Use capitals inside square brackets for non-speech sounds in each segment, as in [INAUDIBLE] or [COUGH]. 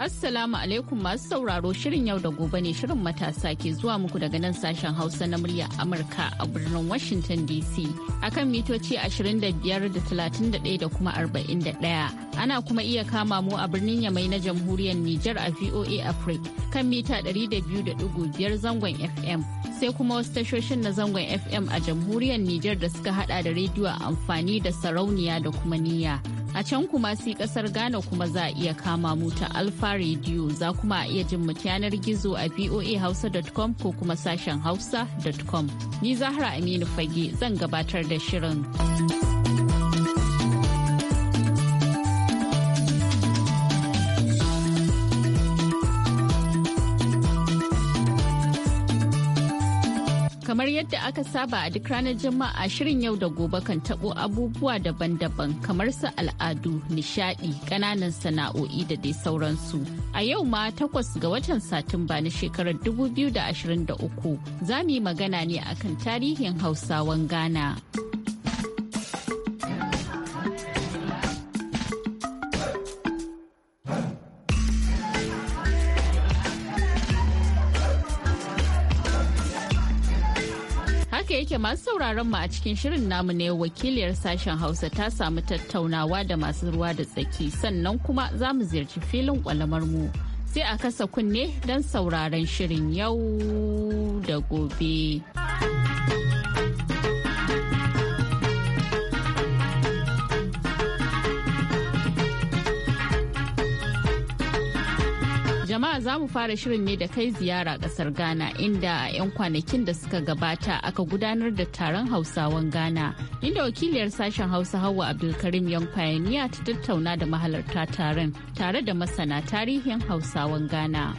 Assalamu alaikum masu sauraro shirin yau da gobe ne shirin matasa ke zuwa muku daga nan sashen Hausa na murya Amurka a birnin Washington DC akan mitoci 25 da 31 da kuma 41. Ana kuma iya kama mu a birnin Yamai na jamhuriyar Nijar a VOA Africa kan mita 200.5 zangon FM. Sai kuma wasu tashoshin na zangon FM a jamhuriyar Nijar da suka hada da rediyo a amfani da sarauniya da kuma niyya. A can kuma sai kasar Ghana kuma za a iya kama mu ta alpha Radio za kuma a iya jin mu yanar gizo a voahausa.com ko kuma sashen hausa.com. Ni Zahra Aminu Fage zan gabatar da shirin. aka saba a duk ranar jama'a shirin yau da gobe kan tabo abubuwa daban-daban kamar su al'adu, nishadi, ƙananan sana'o'i da dai sauransu. A yau ma takwas ga watan Satumba na shekarar 2023 za mu yi magana ne akan tarihin Hausawan Ghana. masu sauraron mu a cikin shirin namu ne wakiliyar sashen Hausa ta samu tattaunawa da masu ruwa da tsaki sannan kuma za mu ziyarci filin kwalamar mu. Sai a kasa kunne don sauraron shirin yau da gobe. jama'a za mu fara shirin ne da kai ziyara kasar ghana inda a 'yan kwanakin da suka gabata aka gudanar da taron hausawan ghana inda wakiliyar sashen hausa hawa abdulkarim yan kwayaniya ta tattauna da mahalarta taron tare da masana tarihin hausawan ghana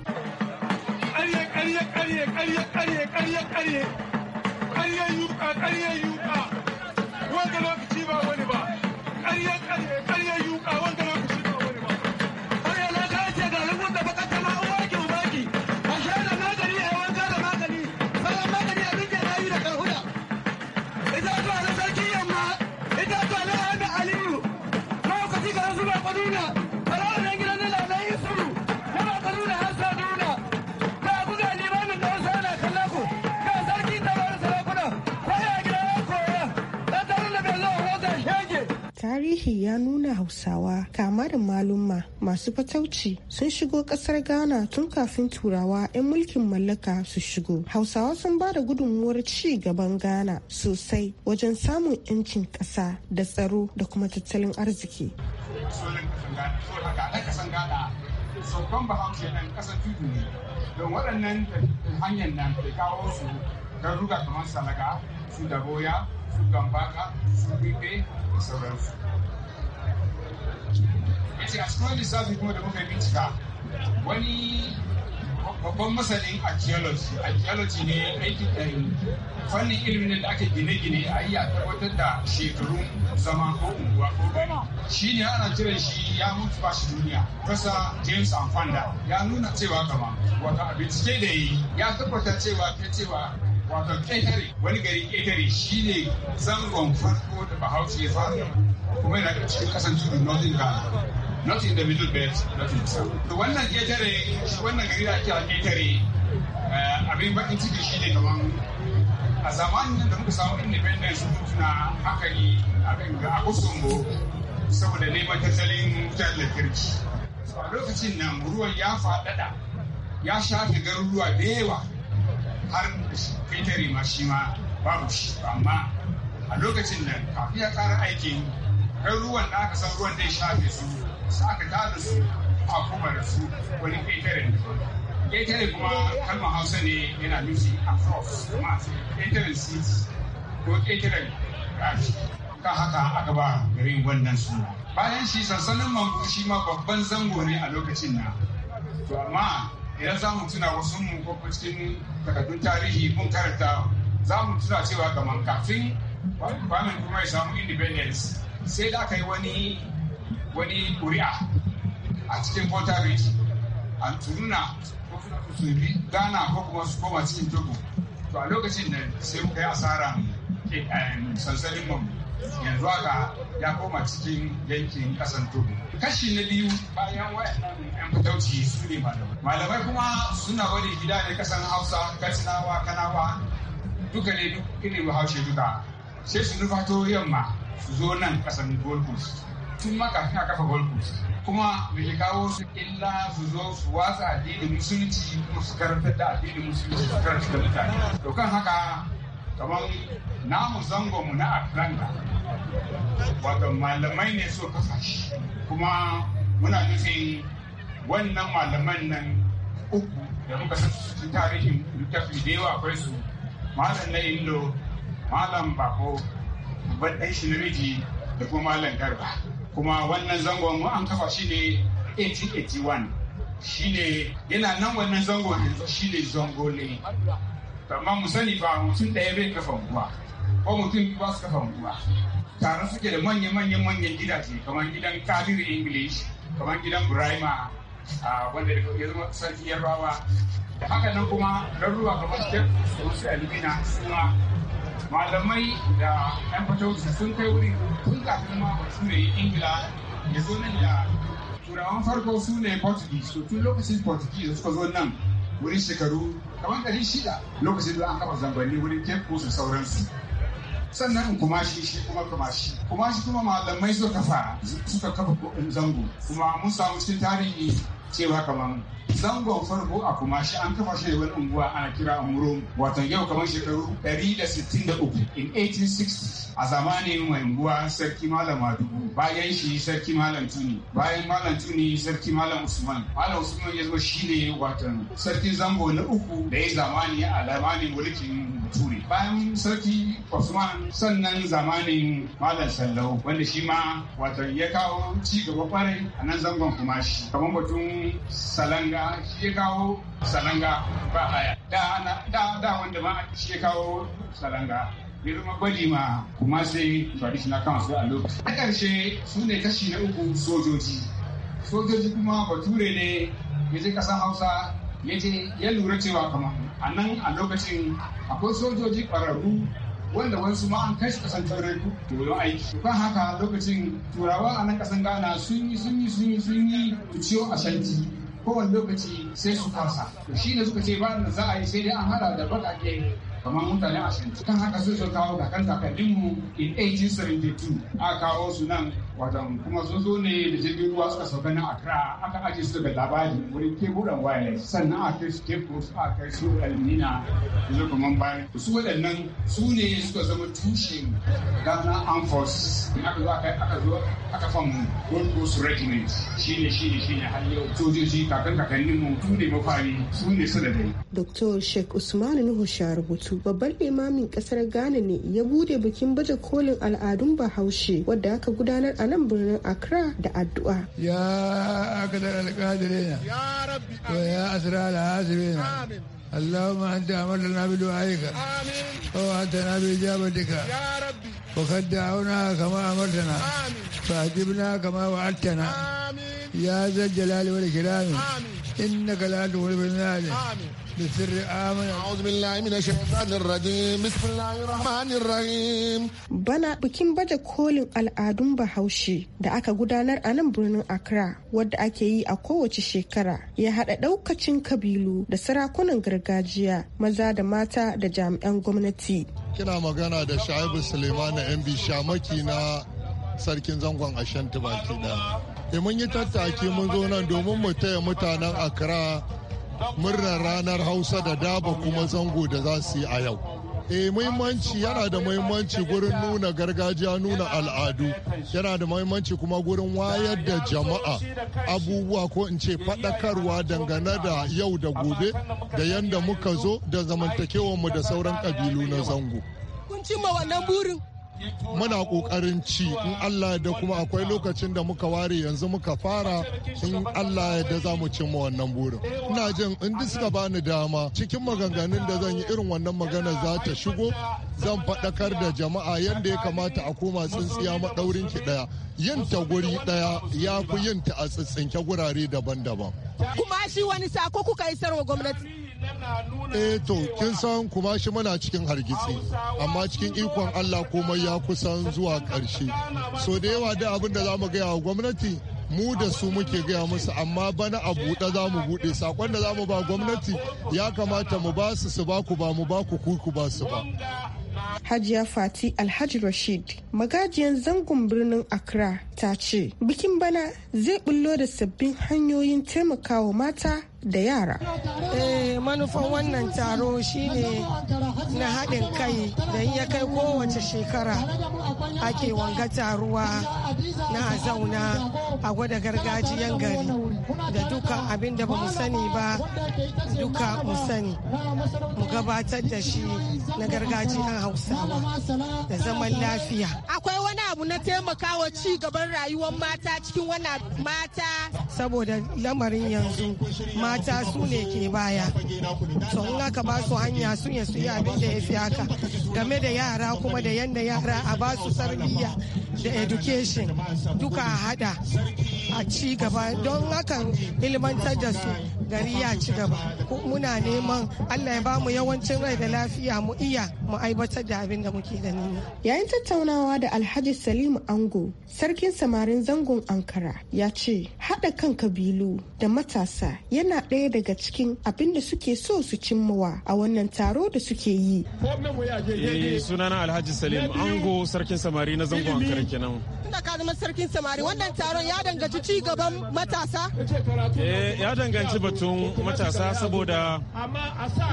tarihi ya nuna hausawa kama da malumma masu fatauci sun shigo kasar ghana tun kafin turawa 'yan mulkin mallaka su shigo hausawa sun ba da gudunmuwar ci gaban ghana sosai wajen samun 'yancin ƙasa da tsaro da kuma tattalin arziki saukan bahaushe nan tudu don waɗannan hanyar nan ke kawo su garuruka kamar salaga su da boya su gambaka su bibe da sauransu ya ce a cikin wani lissafi kuma da muka bincika wani babban masanin archaeology archaeology ne aiki ɗari fannin ilimin da aka gine-gine a yi a tabbatar da shekarun zama ko unguwa ko gari shi ne ana kiran shi ya mutu ba shi duniya kasa james amfanda ya nuna cewa kama wata a bincike da yi ya tabbata cewa ta cewa wato ƙetare wani gari ƙetare shine zangon farko da bahaushe ya fara kuma yana da cikin kasan tudu northern ghana not in the middle belt not in the south wannan ƙetare wannan gari da ake ƙetare eh, abin bakin ciki shine kaman a zamanin da muka samu independence na haka yi abin ga akusumbo saboda neman tattalin wutar lantarki a lokacin nan ruwan ya faɗaɗa ya shafe garuruwa da yawa har da ma shi ma babu shi amma a lokacin da kafin ya kara aikin kai ruwan da aka san ruwan zai shafe su sa aka tada su a kuma da su wani kai tare ne kuma kalmar hausa ne yana nufi across kuma kai ko kai tare kan haka aka ba garin wannan suna bayan shi sansanin mamfushi shima ma babban zango ne a lokacin na to amma idan za mu tuna wasu mu ko cikin takardun tarihi mun karanta za mu tuna cewa ga kafin kwanan kuma ya samu independence sai da aka yi wani wani kuri'a a cikin Port Rico a turuna ko su bi gana ko kuma su koma cikin Togo to a lokacin da sai muka yi asara eh, sansanin mu yanzu haka ya koma cikin yankin kasan Togo kashi na biyu bayan wayannan yan fitauci su ne malamai malamai kuma suna bari gida ne kasan hausa katsinawa kanawa duka ne duk ne bahaushe duka sai su nufato yamma su zo nan kasan golfus tun ma kafin a kafa golfus kuma da ke kawo su illa su zo su watsa addinin musulunci kuma su karantar da addinin musulunci su karantar da mutane to kan haka kamar namu mu na atlanta wato malamai ne so kasa kuma muna nufin wannan malaman nan uku da muka san sun tarihin littafi da yawa akwai su malam na indo malam bako babban ɗan shi namiji da kuma malam garba kuma wannan zangon mu an kafa shi ne 1881 ne yana nan wannan zangon yanzu ne zango ne amma mu sani ba mutum ɗaya bai kafa unguwa ko mutum ba su kafa unguwa tare suke da manya-manyan manyan gidaje kamar gidan kadir english kamar gidan burayma wanda ya zama sarki yarbawa da haka nan kuma rarruwa kamar tafi su alumina ma. malamai da yan fatauci sun kai wuri tun kafin ma su ne ingila ya zo nan da turawan farko su ne portuguese to tun lokacin portuguese suka zo nan wurin shekaru kamar ɗari shida lokacin da an kafa zambanni wurin teku su sauransu sannan kuma shi shi kuma kuma shi kuma shi kuma malamai suka kafa suka kafa zango kuma mun samu cikin tarihi cewa kamar zangon farko a kumashi an kafa shi wani unguwa ana kira umurum Watan yau kamar shekaru 163 in 1860 a zamanin mai unguwa sarki malam madugu bayan shi sarki malam tuni bayan malam tuni sarki malam usman malam usman ya zo ne watan sarki zango na uku da ya zamani a zamanin mulkin bature bayan sarki usman sannan zamanin malam sallau wanda shi ma watan ya kawo ci gaba kwarai a nan zangon kumashi kamar batun salanga shi ya kawo salanga ba haya da wanda ma shi ya kawo salanga ya zama ma kuma sai traditional council a lokaci a ƙarshe su ne kashi na uku sojoji sojoji kuma bature ne ya je ƙasar hausa ya je ya lura cewa kama a nan a lokacin akwai sojoji ƙwararru wanda wasu ma an kai su kasan to aiki kan haka lokacin turawa a nan kasan ghana sun yi sun yi sun yi sun yi ciwo a ashanti kowane lokaci sai su kasa. to shi ne suka ce ba da za a yi sai dai an hada da bakake kamar mutane a shanti kan haka sai su kawo kakan mu in 1872 a kawo su nan watan kuma sun zo ne da jirgin ruwa suka sauka na Accra aka aje su daga labari wurin Cable and Wireless sannan a kai su Cape Coast kai su Almina yanzu kaman bayan su waɗannan su ne suka zama tushen Ghana Armed Force aka zo aka zo aka famu. Gold Coast Regiment shi shi ne ne shi ne har yau sojoji kakan kakannin mu su ne mafari su ne su da dai Dr. Sheikh Usman Nuhu Sharubutu babban limamin kasar Ghana ne ya bude bikin baje kolin al'adun Bahaushe wadda aka gudanar a nan birnin Accra da addu'a. Ya akadar alƙadirina. Ya rabbi amin. Wa ya asra da hasibina. Amin. Allahumma anta amarta na bi du'aika. Amin. Wa anta na bi ijabatika. Ya rabbi. Wa kadda auna kama amarta na. Amin. Fa ajibna kama wa Amin. Ya zajjalali wa kirami. Amin. Inna kala tuwul bin Amin. bana bikin baje kolin al'adun bahaushe da aka gudanar a nan birnin accra wadda ake yi a kowace shekara ya haɗa ɗaukacin kabilu da sarakunan gargajiya maza da mata da jami'an gwamnati kina magana da shaibu suleiman na mb shamaki na sarkin zangon ashanti baki da eh, mun yi tattaki mun zo nan domin mu taya mutanen accra murnar ranar hausa da daba kuma zango da za su yi a yau e muhimmanci yana da muhimmanci gurin nuna gargajiya nuna al'adu yana da muhimmanci kuma gurin wayar da jama'a abubuwa ko in ce faɗakarwa dangane da yau da gobe da yadda muka zo da zamantakewanmu da sauran ƙabilu na zango. Kun cimma wannan burin? muna kokarin ci in Allah da kuma akwai lokacin da muka ware yanzu muka fara in Allah da za mu cimma wannan burin ina jin in duk suka bani dama cikin maganganun da zan yi irin wannan magana za ta shigo zan faɗakar da jama'a yadda ya kamata a koma tsintsiya maɗaurin ki ɗaya yin ta guri ɗaya ya fi yin ta a tsintsinke gurare daban-daban kuma shi wani sako kuka yi wa gwamnati Eto eh kin san ku ba shi mana cikin hargitsi amma cikin ikon Allah komai ya kusan zuwa ƙarshe so da yawa da abin da za gaya wa gwamnati mu da su muke gaya musu amma bana a buɗe za mu buɗe sakon da za mu ba gwamnati ya kamata mu ba su su ba ku ba mu ba ku ku ku ba su ba Hajiya Fati Alhaji Rashid magajiyan zangon birnin Accra ta ce bikin bana zai bullo da sabbin hanyoyin taimakawa mata da yara. Eh, manufan wannan taro shine na haɗin kai da ya kai kowace shekara ake wanga taruwa na zauna a gwada gargajiyan gari da duka abin da ba mu sani ba duka mu sani mu gabatar da shi na gargajiyan hausawa da zaman lafiya. Akwai wani abu na taimakawa ci gaban rayuwar mata cikin wannan mata saboda lamarin yanzu ma mata su ne ke baya to in aka ba su hanya su ya su abin da ya fi haka game da yara kuma da yadda yara a ba su tarbiyya da education duka a hada a ci gaba don hakan ilmantar da su gari ya ci gaba muna neman allah ya bamu yawancin rai da lafiya mu iya mu aibatar da abin da muke da niyya yayin tattaunawa da alhaji salim ango sarkin samarin zangon ankara ya ce haɗa kan kabilu da matasa yana ɗaya daga cikin abin da suke so su cimmawa a wannan taro da suke yi eh, sunana alhaji salim ango sarkin samari na zangon ankara kenan tunda ka zama sarkin samari wannan taron ya danganci ci gaban matasa eh, ya danganci batu batun matasa saboda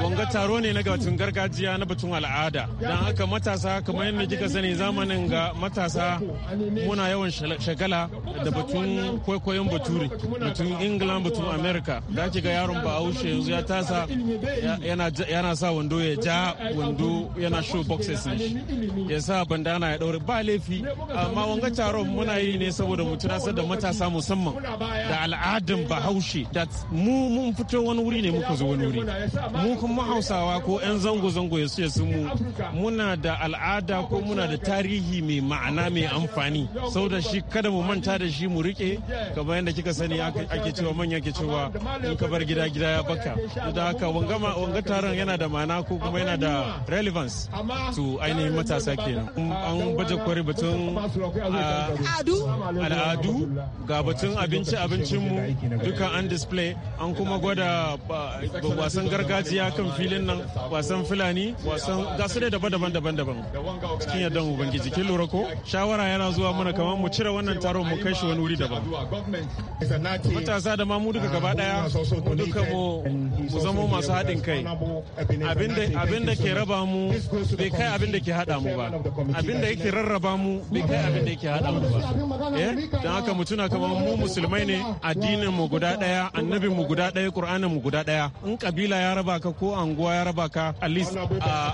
wanga taro ne na batun gargajiya na batun al'ada don haka matasa kamar yadda kika sani zamanin ga matasa muna yawan shagala da batun kwaikwayon baturi batun england batun america da ke ga yaron ba aushe yanzu ya tasa yana sa wando ya ja wando yana show boxes ne ya sa bandana ya daure ba laifi amma wanga taro muna yi ne saboda mu tunasar da matasa musamman da al'adan bahaushe that mu mun fito wani wuri ne muka zo wani wuri mu kuma hausawa ko 'yan zango-zango ya ce su mu muna da al'ada ko muna da tarihi mai ma'ana mai amfani sau da shi kada mu manta da shi mu rike kamar yadda kika sani ake cewa manya ke cewa in ka bar gida gida ya baka da haka wanga taron yana da ma'ana ko kuma yana da relevance to ainihin matasa kenan an baje kwari batun ah, al'adu ga batun abinci abincin mu duka an display an kuma kuma gwada wasan gargajiya kan filin nan wasan fulani wasan gasu dai daban-daban daban-daban cikin yadda ubangiji ke lura ko shawara yana zuwa mana kamar mu cire wannan taron mu kai shi wani wuri daban matasa da ma mu duka gaba daya duka mu zama masu haɗin kai abin da ke raba mu bai kai abin da ke haɗa mu ba abin da yake rarraba mu bai kai abin da yake haɗa mu ba eh? don haka mu tuna kamar mu musulmai ne addinin mu guda ɗaya annabin mu guda guda ɗaya ƙur'anin mu guda ɗaya in kabila ya raba ka ko anguwa ya raba ka at least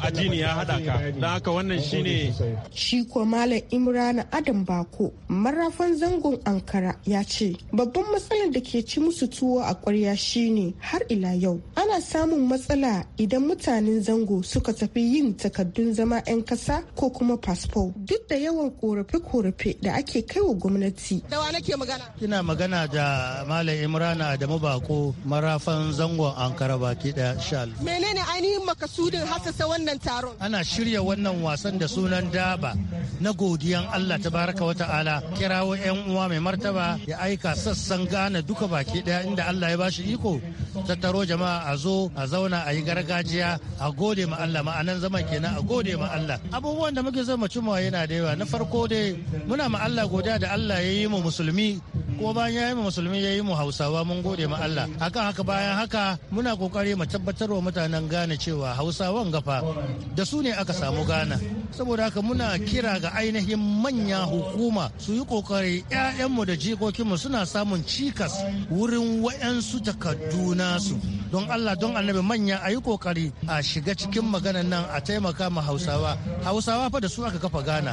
ajini ya haɗa ka don haka wannan shine shi ko malam imrana adam bako marafan zangon ankara ya ce babban matsalar da ke ci musu tuwo a ƙwarya shine har ila yau ana samun matsala idan mutanen zango suka tafi yin takardun zama 'yan kasa ko kuma fasfo duk da yawan korafe-korafe da ake kai wa gwamnati. wa nake magana? Kina magana da Malam Imrana Adamu Bako marafan zangon ankara baki daya shal menene ainihin makasudin hasasa wannan taron ana shirya wannan wasan da sunan daba na godiyan allah ta baraka wata'ala kirawo yan uwa mai martaba ya aika sassan gane duka baki daya inda allah ya bashi iko tattaro jama'a a zo a zauna a yi gargajiya a gode ma allah ma'anan zama kenan a gode ma allah abubuwan da muke zama cimawa yana da yawa na farko dai muna ma allah godiya da allah ya yi mu musulmi ko bayan ya yi musulmi ya yi mu hausawa mun gode ma Allah akan haka bayan haka muna kokari mu tabbatar wa mutanen Ghana cewa hausawan gafa da su ne aka samu gana saboda haka muna kira ga ainihin manya hukuma su yi kokari ƴaƴanmu da jikokinmu suna samun cikas wurin wayansu takardu nasu don allah don annabi manya a yi kokari a shiga cikin maganan nan a taimaka ma hausawa hausawa fa da su aka kafa ghana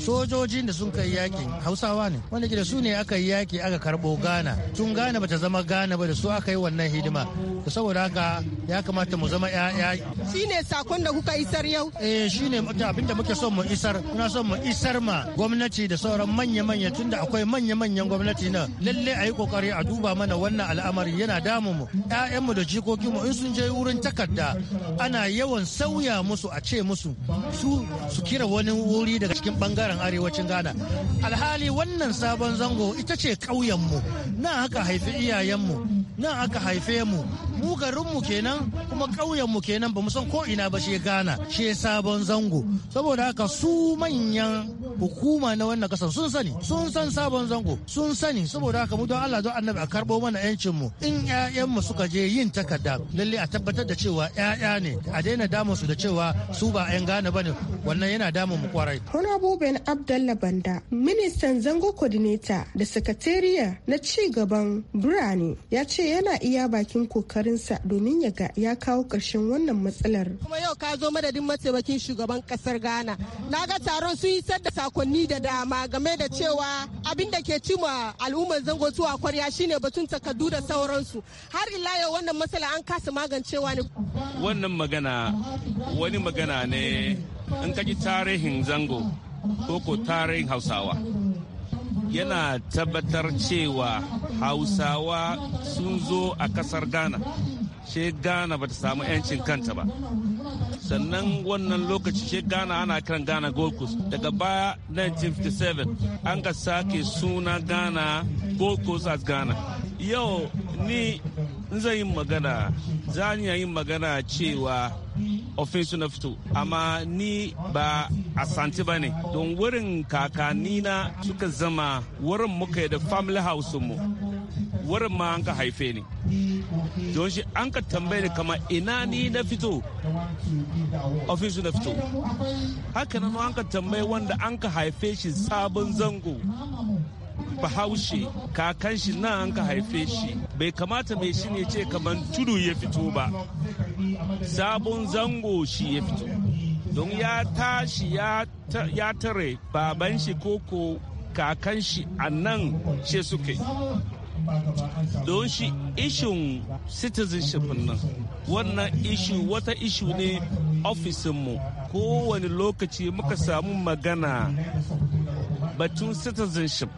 sojojin da sun kai yakin hausawa ne wanda ke da su ne aka yi yaki aka karbo ghana tun ghana bata zama ghana ba da su aka yi wannan hidima saboda haka ya kamata mu zama ya shine sakon da kuka isar yau eh shine abin da muke son mu isar muna son mu isar ma gwamnati da sauran manya-manya tunda akwai manya-manyan gwamnati na lalle a yi kokari a duba mana wannan al'amari yana damu mu ƴaƴanmu da mu in sun je wurin takarda ana yawan sauya musu a ce musu su su kira wani wuri daga cikin bangaren arewacin ghana alhali wannan sabon zango ita ce mu na haka haifi iyayenmu nan aka haife mu mu garinmu kenan kuma ƙauyenmu kenan ba mu san ko ina ba shi gana shi sabon zango saboda haka su manyan hukuma na wannan kasar sun sani sun san sabon zango sun sani saboda haka mu don Allah don annabi a karbo mana yancin mu in ƴaƴan mu suka je yin takarda lalle a tabbatar da cewa ƴaƴa ne a daina damun su da cewa su ba ƴan gane bane wannan yana damun mu kwarai Honorable Ben Abdullah Banda ministan zango coordinator da sakatariya na ci gaban birane ya ce yana iya bakin kokarinsa domin ya ga ya kawo ƙarshen wannan matsalar. Kuma yau ka zo madadin mataimakin shugaban ƙasar Ghana. Na ga taron sun yi da sakonni da dama game da cewa abin da ke cima al'ummar zango zuwa kwarya shine batun takardu da sauransu. Har ila yau wannan matsala an kasa magancewa ne. Wannan magana wani magana ne in ka ji tarihin zango ko ko tarihin Hausawa. yana tabbatar cewa hausawa sun zo a kasar ghana she ghana ta samu 'yancin kanta ba sannan wannan lokaci she ghana ana kiran ghana gold coast daga baya 1957 an ga sake suna ghana gold coast as ghana yau ni zan yi magana zan yin magana cewa ofinsu na fito amma ni ba asanti ba ne don wurin na suka zama wurin muka da family house mu wurin ma an ka haife ni don shi an ka tambaye ni kama ina ni na fito ofisu na fito haka nan an ka tambaye wanda an ka haife shi sabon zango bahaushe kakan shi nan an ka haife shi bai kamata mai shi ne ce kamar tudu ya fito ba sabon zango shi ya fito don ya tashi ya tare baban shi koko kakan shi a nan ce suke don shi ishin citizenship nan wannan ishu wata ishu ne ofisinmu kowane lokaci muka samu magana batun citizenship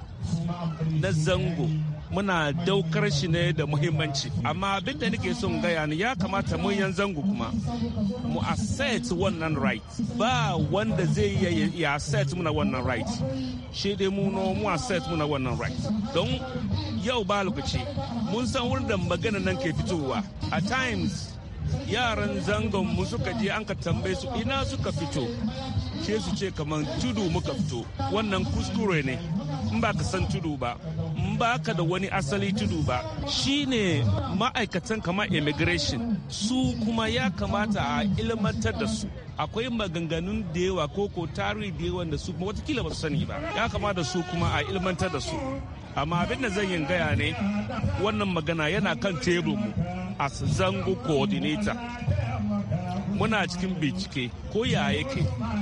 na zango muna daukar shi ne da muhimmanci amma abin da nake son gaya ni ya kamata mun yan zango kuma mu asset wannan right ba wanda zai iya ya asset muna wannan right shi dai mu no mu asset muna wannan right don yau ba lokaci mun san wurin da magana nan ke fitowa A times yaran zangon mu suka je an ka tambaye su ina suka fito ke su ce kamar tudu muka fito wannan kuskure ne in ba ka san tudu ba in baka da wani asali tudu ba shine ma'aikatan kamar immigration su kuma ya kamata a ilmantar da su akwai maganganun da yawa ko ko tarihi da yawa da su watakila ba su sani ba ya kamata da su kuma a ilmantar da su amma abin da zan yi gaya ne wannan magana yana kan tebur mu a zango coordinator muna cikin bincike ko ya yake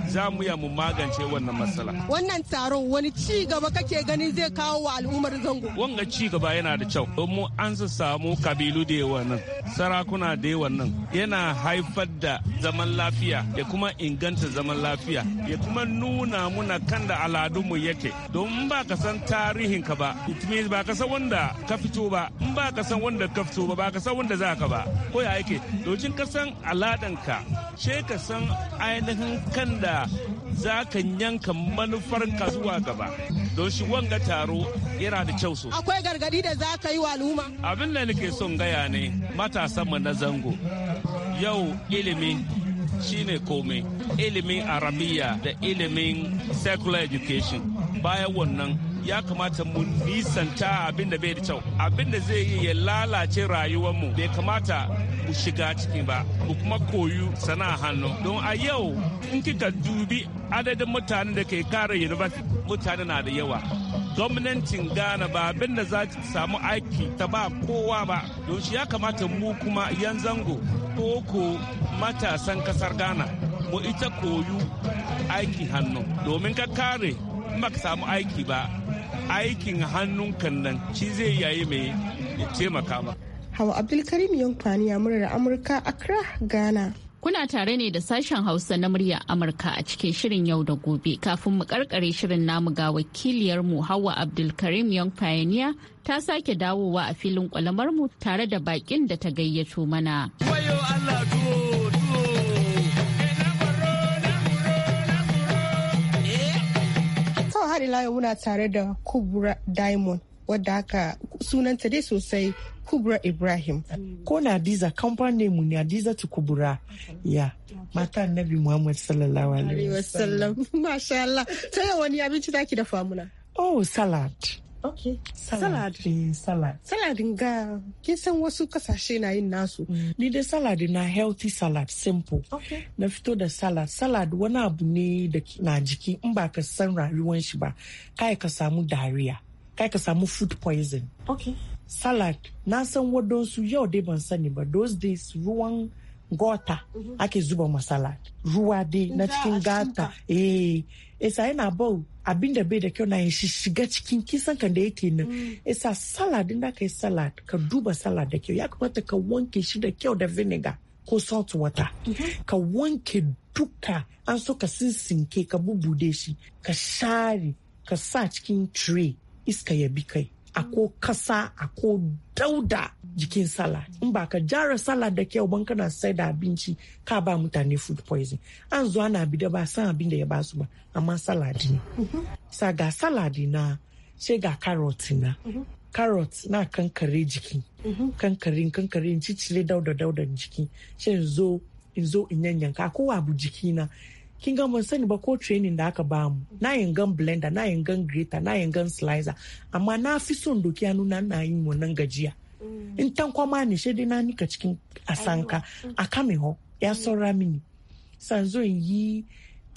za mu ya mu magance wannan matsala wannan taron wani ci gaba kake gani zai kawo wa al'ummar zango wanga ci gaba yana da kyau mu an su samu kabilu da yawa nan sarakuna da yawa nan yana haifar da zaman lafiya ya kuma inganta zaman lafiya ya kuma nuna muna kan da aladunmu yake Don ba ka san tarihin ka ba ba ka san wanda ka fito ba ba ka san wanda ka fito ba ba ka san wanda za ka ba ko ya yake domin ka san ka. she ka san ainihin kan da za ka yanka manufar ka zuwa gaba don shi wanga taro yana da kyau sosai akwai gargadi da za ka yi wa al'umma abin da nake son gaya ne matasanmu na zango yau ilimi shine komai ilimin arabiya da ilimin secular education bayan wannan ya kamata mu nisanta abin da bai da kyau abin da zai yi ya lalace mu. bai kamata mu shiga ciki ba mu kuma koyu sana hannu don a yau in kika dubi adadin mutanen da ke kara university mutane na da yawa gwamnatin ghana ba abin da za ta samu aiki ta ba kowa ba don shi ya kamata mu kuma yan zango ko matasan kasar ghana mu ita koyu aiki hannu domin ka kare ba ka samu aiki ba aikin hannun kan nan shi zai yayi mai ya taimaka ba Hawa Abdulkarim Yankwani ya murar Amurka Accra, Ghana. Kuna tare ne da sashen Hausa na murya Amurka a cikin shirin yau da gobe kafin mu karkare shirin namu ga wakiliyar mu Hawa Abdulkarim Young Pioneer ta sake dawowa a filin kwalamar mu tare da bakin da ta gayyato mana. Sau haɗi layo muna tare da Kubra Diamond wadda haka sunanta dai sosai kubra ibrahim mm. ko na diza ne mu na diza ta kubura ya mata annabi muhammad sallallahu alaihi wasallam [LAUGHS] masha Allah ta yau wani abinci zaki da famuna oh salad Okay. Salad. Salad. Eh, salad ga kin san wasu kasashe na yin nasu. Mm. Ni da salad na healthy salad simple. Okay. Na fito da salad. Salad wani abu ne da na jiki in ba ka san rayuwan shi ba. Kai ka samu dariya. kai ka samu food poison okay. salad na san wadansu yau dai ban sani ba those days ruwan gota mm -hmm. ake zuba ma salad ruwa dai na cikin gata eh isa yana bau abin da bai da kyau na yin shiga cikin kisan kan da yake nan isa mm. salad da ka yi salad ka duba salad da kyau ya kamata ka wanke shi da kyau da vinegar ko salt water mm -hmm. ka wanke duka an so ka sinsinke ka bubude shi ka share ka sa cikin tray iska ya bi kai a ko kasa a ko dauda jikin salad in ba ka jara salad da kyau ban kana sai da abinci ka ba mutane food poison an zo ana bi da ba san abin da ya ba su ba amma salad ne sa ga salad na sai ga carrot na carrot na kankare jiki kankare kankare cicile dauda dauda jiki sai in zo in zo in yanyanka ko abu jiki na kin ga mun sani ba ko training da aka ba mu na yin gan blender na yin gan grater na yin gan slicer amma na fi son doki hannu na na yin wannan gajiya mm. in tan kwama ne shi na nika cikin asanka mm. a mi ho ya saura mini san in yi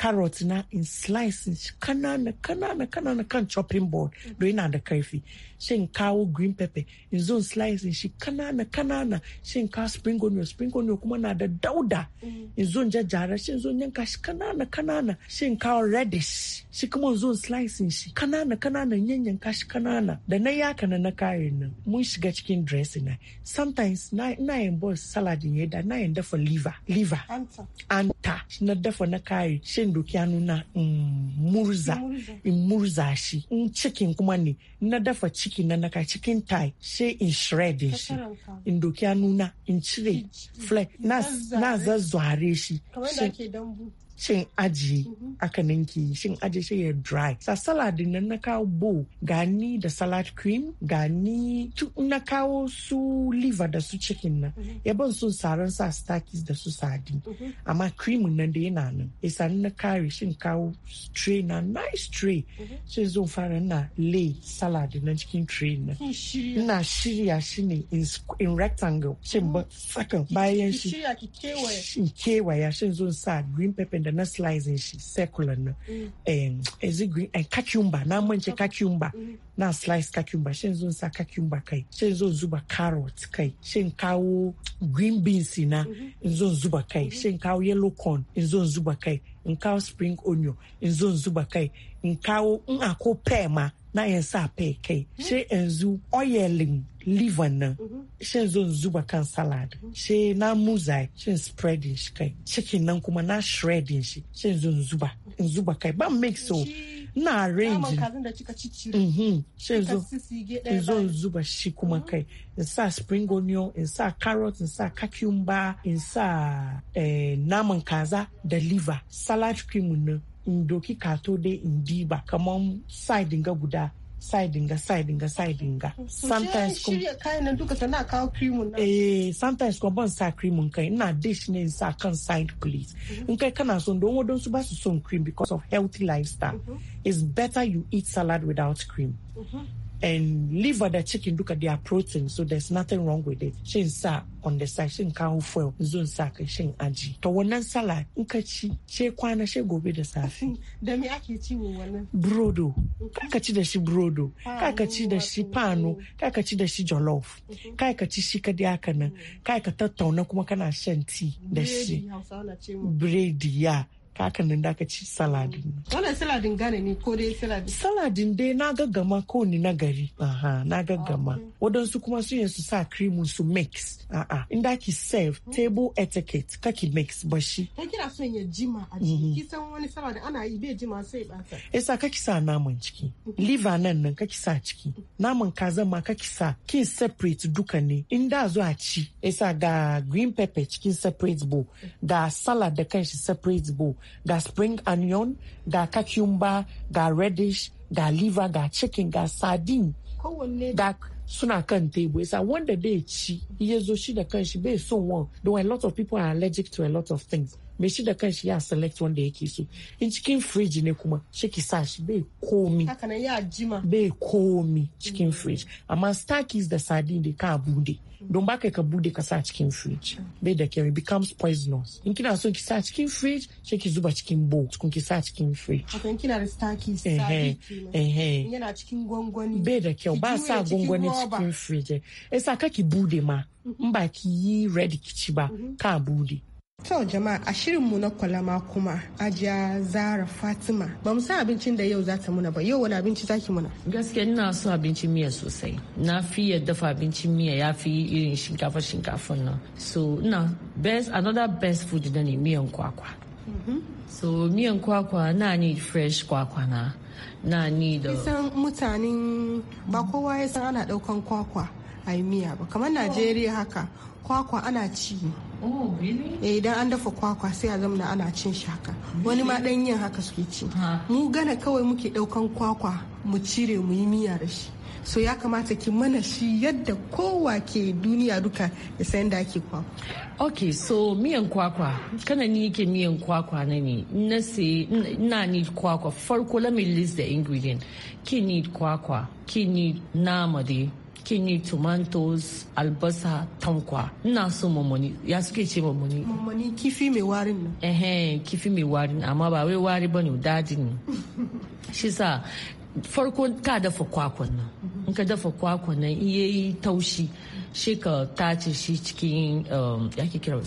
carrot na in slicing kanana kanana kanana kan chopping board mm. Do ina da karfi Shin kawo green pepper in zo in slicing shi kanana kanana Shin ka spring onion spring onion kuma na da dauda mm. in zone jajjara shin zone in yanka shi kanana kanana Shin ka kawo radish shi kuma in zo in slicing shi kanana kanana yanyanka shi kanana da na yaka na na kayan nan mun shiga cikin dressing na sometimes na yin boss salad ya da na yin dafa liver liver anta na dafa na kare shin zan doki in murza in murza shi in cikin kuma ne na dafa ciki na naka cikin tai she in shred shi in doki in cire fly na zazzware shi shin aji mhm. aka ninki shin aji shi ya dry sa salad nan na kawo bo gani da salad cream gani na kawo su liver da su chicken na, mhm. ya ban sun saran sa stakis da su sadi mhm. amma cream nan da yana nan isa na kare shin kawo tray na nice tray shi zo fara na lay salad na? cikin tray na ina shirya shi ne in rectangle shin oh. sakan bayan shi ki kewaya shin zo sa green pepper da da na mm. slicing shi circular nan ezigri eh, and cucumber na mance cucumber mm-hmm. na slice cucumber shin zo sa cucumber kai shin zo zuba carrot kai shin kawo green beans na mm-hmm. zo zuba kai mm-hmm. shin kawo yellow corn in zo zuba kai in kawo spring onion in zo zuba kai in kawo in ako pear ma na yan sa pear kai hmm. she yanzu oilin liver nan mm-hmm. she zo zuba kan salad mm-hmm. she na muza she spreading shi kai chicken nan kuma na shredding shi she zo in zuba zuba kai ba mix so na range da kika mm-hmm. zo in zuba shi kuma mm-hmm. kai in sa spring onion in sa carrot in sa cucumber in sa eh, naman kaza da liver salad cream nan in doki kato dai in diba kamar side nga guda sidinga sidinga sidinga sometimes kuma shirya kayan nan duka tana kawo cream nan eh sometimes kuma ban sa cream kai ina dish ne sa kan side please mhm. in kai kana son don wadon su ba su son cream because of healthy lifestyle mm it's better you eat salad without cream mhm. and liver da chicken duka they are protein so there's nothing wrong with it shin sa on the side shin kawo fuel zon sa ka shin aji to wannan sala in ka ci she kwana she gobe da safe [LAUGHS] da me ake ci wannan brodo ka ka ci da shi brodo ka ka ci da shi pano ka ka ci da shi jollof ka ka ci shi ka dia kana ka ka tattauna kuma kana shan tea da shi biredi ya kakan nan da ka ci saladin. Wannan saladin gane ne ko dai saladin? Saladin dai na gaggama ko ni na gari. Aha, na gaggama. Wadansu kuma su yin su sa cream su mix. A'a, in da ki serve hmm. table etiquette kaki mix ba shi. Kai kina son ya jima a ciki. Mhm. Ki san wani saladin ana yi bai jima sai bata. Yasa kaki sa naman ciki. Liver nan nan kaki sa ciki. Naman kaza ma kaki sa. Kin separate duka ne. Inda zo a ci. Isa ga green pepper cikin separate bowl. Ga salad da kanshi separate bowl. ga spring onion ga cucumber ga reddish ga liver ga chicken ga sardine ga suna kan tebur day, wanda bai ci ya zo shi da kanshi So son there are a lot of people are allergic to a lot of things mai shi da kanshi ya select wanda yake so in cikin fridge ne kuma shi ki sa shi bai komi bai komi cikin fridge amma starkies da sardine da ka bude don ba ka bude ka sa cikin fridge bai da kyau becomes poisonous in kina so ki sa cikin fridge sai ki zuba cikin bowl kun ki sa cikin fridge in kina da starkies eh eh yana cikin gwangwani bai da kyau ba sa gwangwani cikin fridge eh sa ka ki bude ma in ba ki yi ready ki ci ba mhm. ka bude To jama'a a shirinmu na kwalama kuma ajiya zara fatima ba mu san abincin da yau za ta muna ba yau wani abinci ki muna. Gaskiya ina so abincin miya sosai na fi dafa abincin miya ya fi irin shinkafa shinkafa nan so ina best another best food da ne miyan kwakwa. Mm-hmm. so miyan kwakwa na need fresh kwakwa na na need. Uh, Kisan mutanen ba kowa ya san ana daukan kwakwa a miya ba kamar Najeriya haka kwakwa ana ci. Oh, eh, idan an dafa kwakwa sai a zamana ana cin shaka Wani ma dan yin haka suke ci. Mu gana kawai muke daukan kwakwa mu cire mu yi miya da shi. so ya kamata ki mana shi yadda kowa ke duniya duka ya san da ake kwakwa. ok so miyan kwakwa kana ni yake miyan kwakwa na ne na se na need kwakwa farko let me list the ingredient ki need kwakwa ki need nama dai kinyi tomatoes albasa tankwa ina so mamoni ya suke ce mamoni mamoni kifi mai warin nan eh kifi mai warin amma ba wai wari bane dadi ne [LAUGHS] shi sa farko ka dafa kwakwan nan mhm. in ka dafa kwakwan nan iya yi taushi shi ka tace shi cikin um, ya ke kira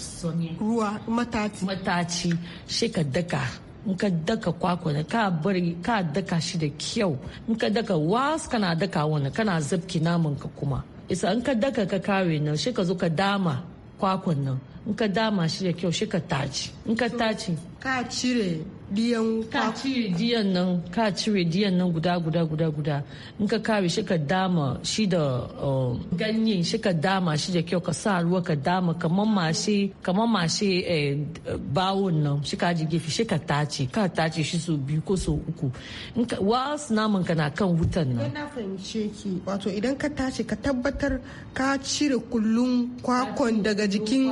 ruwa mataci mataci shi ka daka in ka daka kwakwa ka bari ka daka shi da kyau in ka daka was kana daka wani kana zabki naman ka kuma isa in ka daka ka kawai nan shi ka zo ka dama kwakwan nan in ka dama shi da kyau shi ka taci in ka taci ka cire diyan ka cire diyan nan ka cire diyan nan guda guda guda guda in ka kare shi ka dama shi da um, ganyen shi ka dama shi da kyau ka sa ruwa ka dama kamar mashe kamar mashe eh, bawon nan shi ka ji gefe shi ka tace ka tace shi su biyu ko su uku wasu naman ka na kan wutan nan na fahimce ki wato idan ka tace ka tabbatar ka cire kullun kwakwan daga jikin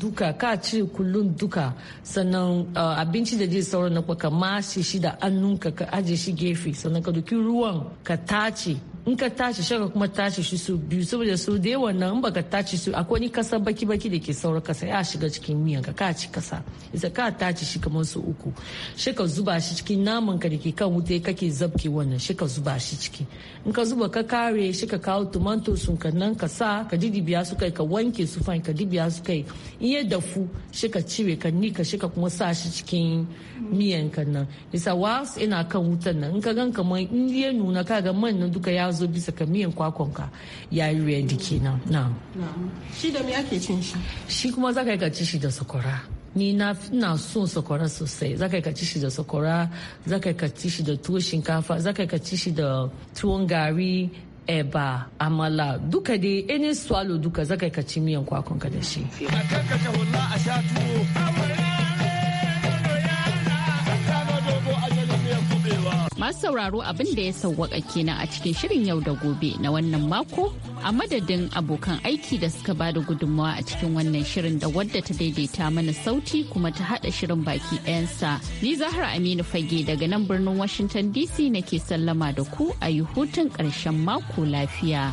duka ka cire kullun duka sannan ah, abinci da zai sauran na kwa ka mashe shi da annunka ka aje shi gefe sannan ka duki ruwan ka tace in ka tace shaka kuma tace shi su biyu saboda su da yawan nan in baka tace su akwai wani kasa baki baki da ke saura kasa ya shiga cikin miyan ka ka ci kasa isa ka tace shi kamar su uku shi ka zuba shi cikin naman ka da ke kan wuta kake zabke wannan shi ka zuba shi ciki in ka zuba ka kare shi ka kawo tumanto sun ka nan ka sa ka dibiya su kai ka wanke su fain ka dibiya su kai in ya dafu shi ka cire ka nika shi ka kuma sa shi cikin miyan ka nan isa wasu ina kan wutan nan in ka gan kamar in ya nuna ka ga man nan duka ya zo bisa ka miyan kwakwanka ya yi ready kenan na shi da me ake cin shi shi kuma za ka yi ci shi da sakwara ni na ina son sakwara sosai za ka yi ci shi da sakwara za ka yi ci shi da tuwo shinkafa za ka yi ci shi da tuwon gari eba amala duka dai any swallow duka za ka yi ci miyan kwakonka da shi a sha tuwo sauraro abin da ya sauwaka kenan a cikin shirin yau da gobe na wannan mako a madadin abokan aiki da suka ba da gudunmawa a cikin wannan shirin da wadda ta daidaita mana sauti kuma ta hada shirin baki ɗayansa ni zahra aminu fage daga nan birnin washington dc nake sallama da ku a yi hutun ƙarshen mako lafiya.